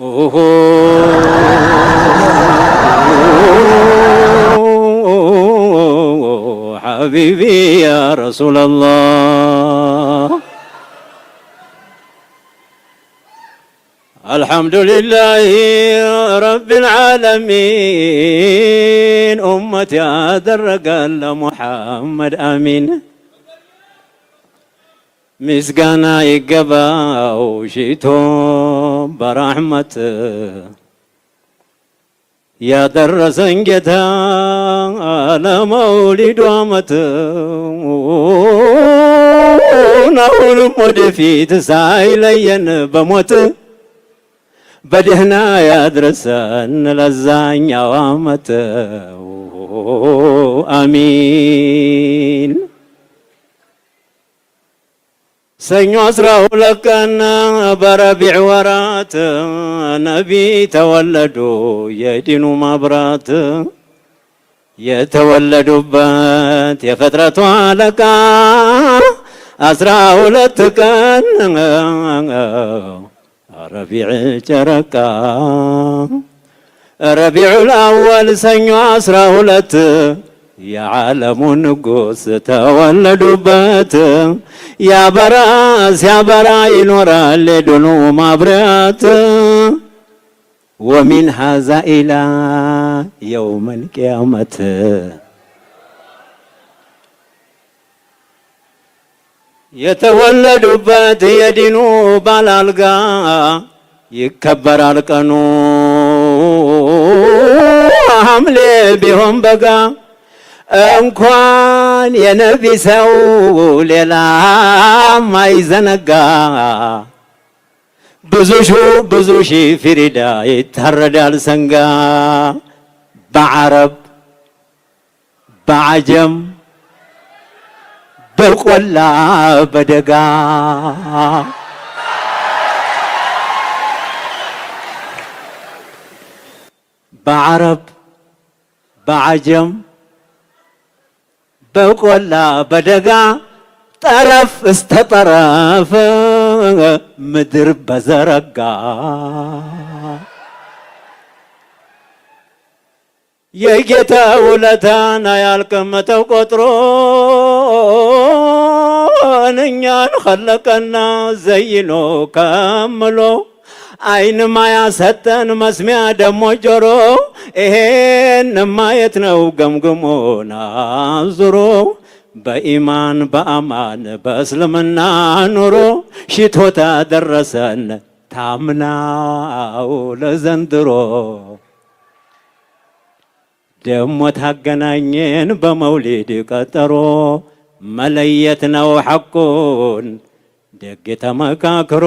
أوه حبيبي يا رسول الله الحمد لله رب العالمين أمتي أدرك الرجال محمد آمين ምስጋና ይገባው وشيتون በራህመት ያደረሰን ጌታ ለመውሊዱ አመት አሁንም ወደፊት ሳይለየን በሞት በደህና ያድረሰን ለዛኛው አመት አሚን። ሰኞ አስራ ሁለት ቀን በረቢዕ ወራት ነቢ ተወለዱ የዲኑ ማብራት የተወለዱበት የፍጥረቱ አለቃ አስራ ሁለት ቀን ረቢዕ ጨረቃ ረቢዑል አወል ሰኞ አስራ ሁለት የዓለሙ ንጉሥ ተወለዱበት ያበራ ሲያበራ ይኖራል የድኑ ማብራት ወሚን ሃዛ ኢላ የውመል ቅያመት የተወለዱበት የዲኑ ባላልጋ ይከበራል ቀኑ ሐምሌ ቢሆን በጋ እንኳን የነቢ ሰው ሌላም አይዘነጋ ብዙ ሺ ብዙ ሺ ፊሪዳ ይታረዳል ሰንጋ በዓረብ በዓጀም በቆላ በደጋ በዓረብ በዓጀም በቆላ በደጋ ጠረፍ እስተ ጠረፍ ምድር በዘረጋ የጌታ ውለታን አያልቅምተው ቆጥሮ እኛን ኸለቀና ዘይኖ ከምሎ አይን ማያ ሰጠን መስሚያ ደሞ ጆሮ ይሄን ማየት ነው ገምግሞ ናዙሮ በኢማን በአማን በእስልምና ኑሮ ሽቶታ ደረሰን ታምናው ለዘንድሮ ደሞ ታገናኘን በመውሊድ ቀጠሮ መለየት ነው ሐቁን ደግ ተመካክሮ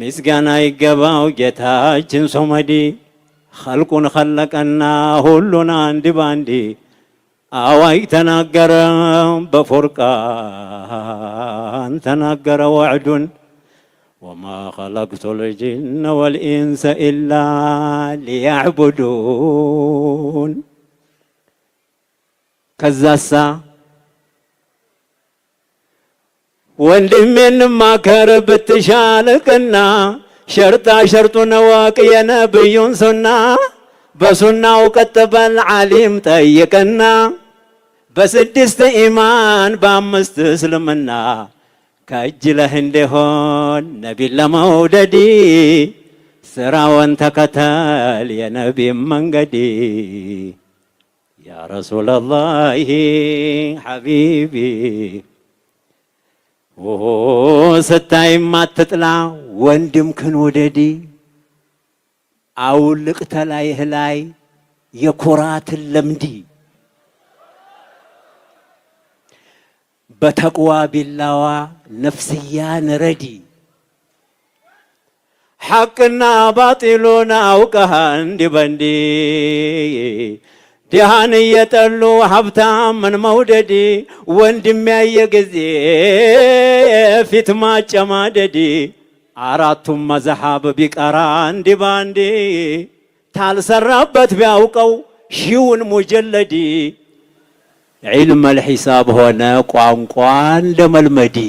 ምስጋና ይገባው ጌታችን ሶመዲ ኸልቁን ኸለቀና ሁሉን አንድ ባንዲ አዋይ ተናገረ በፉርቃን ተናገረ ወዕዱን ወማ ኸለቅቱ ልጅነ ወልኢንሰ ኢላ ሊያዕቡዱን ከዛሳ ወንድሜን ማከር ብትሻልቅና ሸርጣ ሸርጡን ወቅ የነብዩን ሱና በሱናው ቀጥበል በል ዓሊም ጠይቅና በስድስት ኢማን በአምስት እስልምና ከእጅ ለህንድ እንዲሆን ነቢን ለመውደዲ ስራውን ተከተል የነቢን መንገዲ ያ ረሱለላሂ ሐቢቢ ኦሆ ስታይም አትጥላ ወንድምክን ወደዲ አውልቅ ተላይህ ላይ የኩራትን ለምዲ በተቅዋ ቢላዋ ነፍስያን ረዲ ሐቅና ባጢሎን አውቀሃ እንዲ በንዲ ድሃን እየጠሉ ሀብታም ምን መውደድ ወንድም ያየ ጊዜ ፊት ማጨማደድ አራቱም መዛሃብ ቢቀራ አንድ ባንድ ታልሰራበት ቢያውቀው ሺውን ሙጀለዲ ዒልመል ሒሳብ ሆነ ቋንቋን ለመልመዲ